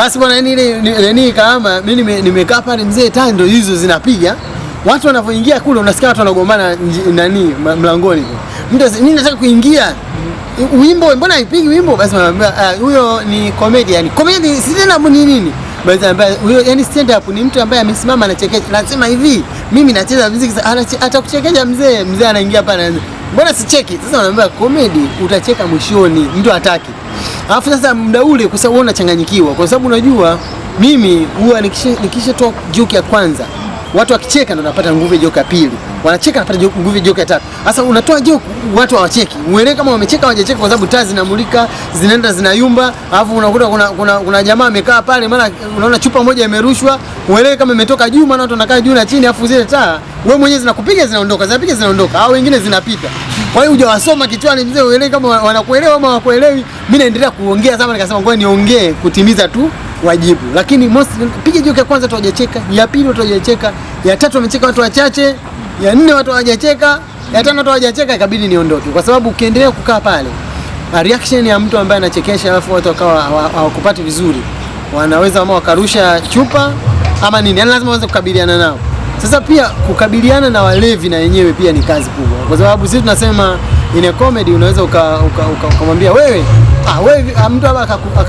Basi bwana, yani ile nini kama mimi nimekaa pale mzee, taa ndio hizo zinapiga. Watu wanavyoingia kule unasikia watu wanagombana nani mlangoni. Mtu mimi nataka kuingia. Wimbo mbona haipigi wimbo? Basi wananiambia ah, huyo uh, ni comedy yani Comedy si tena ni nini? Basi anambia huyo yani stand up ni mtu ambaye amesimama anachekesha. anasema hivi, mimi nacheza muziki hata kuchekesha mzee, mzee anaingia pale mbona sicheki? Sasa wanaambia comedy utacheka mwishoni, mtu hataki. Alafu sasa muda ule kwa sababu unachanganyikiwa, kwa sababu unajua mimi huwa nikisha nikishatoa joke ya kwanza watu wakicheka ndo napata nguvu ya joke ya pili, wanacheka napata nguvu ya joke ya tatu. Sasa unatoa joke watu hawacheki, uelewe kama wamecheka hawajacheka, kwa sababu taa zinamulika zinaenda zinayumba, alafu unakuta kuna, kuna, kuna jamaa amekaa pale, maana unaona chupa moja imerushwa, uelewe kama imetoka juu, maana watu wanakaa juu na chini, alafu zile taa wewe mwenyewe zinakupiga zinaondoka, zinapiga zinaondoka, au wengine zinapita. Kwa hiyo hujawasoma kichwani mzee, uelewe kama wanakuelewa ama hawakuelewi. Mimi naendelea kuongea sana, nikasema ngoja niongee kutimiza tu wajibu. Lakini most piga joke ya kwanza watu hawajacheka, ya pili watu hawajacheka, ya tatu wamecheka watu wachache, ya nne watu hawajacheka, ya tano watu hawajacheka, ikabidi niondoke, kwa sababu ukiendelea kukaa pale reaction ya mtu ambaye anachekesha alafu watu wakawa hawakupati vizuri, wanaweza ama wakarusha chupa ama nini, yani lazima waanze kukabiliana nao. Sasa pia kukabiliana na walevi na yenyewe pia ni kazi kubwa, kwa sababu sisi tunasema in comedy unaweza ukamwambia uka, uka, uka wewe ah, wewe ah, mtu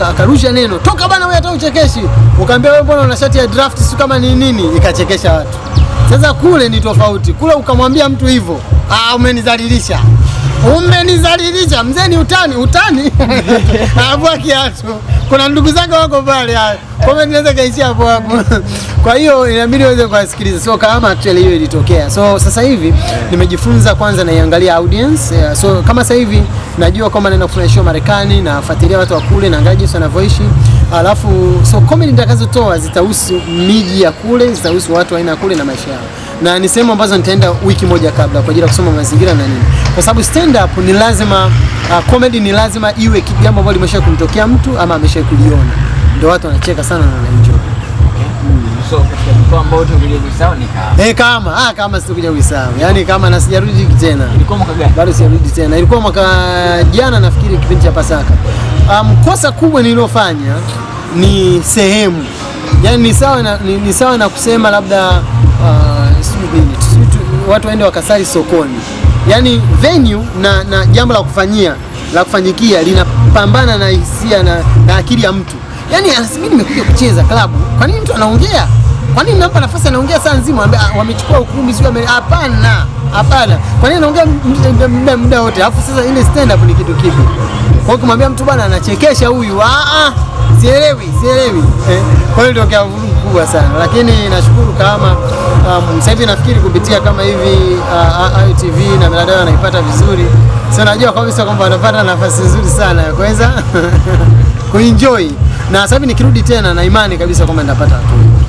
akarusha neno toka bana, wewe hata uchekeshi, ukaambia wewe mbona una shati ya draft si kama ni nini, ikachekesha watu. Sasa kule ni tofauti, kule ukamwambia mtu hivyo, ah, umenizalilisha Umenizalilisha mzee, ni utani utani. Avua kiatu, kuna ndugu zake wako pale, naweza kaishia hapo hapo. Kwa hiyo inabidi uweze kuwasikiliza, so kama actually hiyo ilitokea. So sasa hivi nimejifunza kwanza, naiangalia audience. So kama sasa hivi najua kwamba naenda kufanya show Marekani, nafuatilia watu wa kule, naangalia jinsi wanavyoishi Alafu so komedi nitakazotoa zitahusu miji ya kule, zitahusu watu aina ya kule na maisha yao, na ni sehemu ambazo nitaenda wiki moja kabla kwa ajili ya kusoma mazingira na nini, kwa sababu stand up ni lazima uh, comedy ni lazima iwe jambo ambalo limesha kumtokea mtu ama amesha kuliona, ndio watu wanacheka sana na wanaenjoy. Okay. Mm. So katika mkoa ambao utakuja kusahau ni kama eh, kama ah, kama sitakuja kusahau yani, kama na sijarudi tena. Ilikuwa mwaka gani? Bado sijarudi tena, ilikuwa mwaka jana nafikiri, kipindi cha Pasaka um, kosa kubwa nililofanya ni sehemu, yani, ni sawa na, ni, ni sawa na kusema labda uh, watu waende wakasali sokoni, yani venue na, na jambo la kufanyia la kufanyikia linapambana na hisia na, na akili ya mtu. Yaani mimi nimekuja kucheza klabu, kwa nini mtu anaongea? Kwa nini nampa nafasi anaongea saa nzima? Ah, wamechukua ukumbi? sio? Hapana, hapana. Kwa nini anaongea muda wote? Alafu sasa ile stand up ni kitu kipi? Kwa kumwambia mtu bwana anachekesha huyu, ah, ah. sielewi sielewi. Eh, kwa hiyo ndio vurugu kubwa sana, lakini nashukuru kama um, sasa hivi nafikiri kupitia kama hivi uh, ah, ah, ITV na Miladayo anaipata vizuri, sio najua kabisa kwamba anapata nafasi nzuri sana ya kuweza kuenjoy, na sasa hivi nikirudi tena na imani kabisa kwamba nitapata hatua.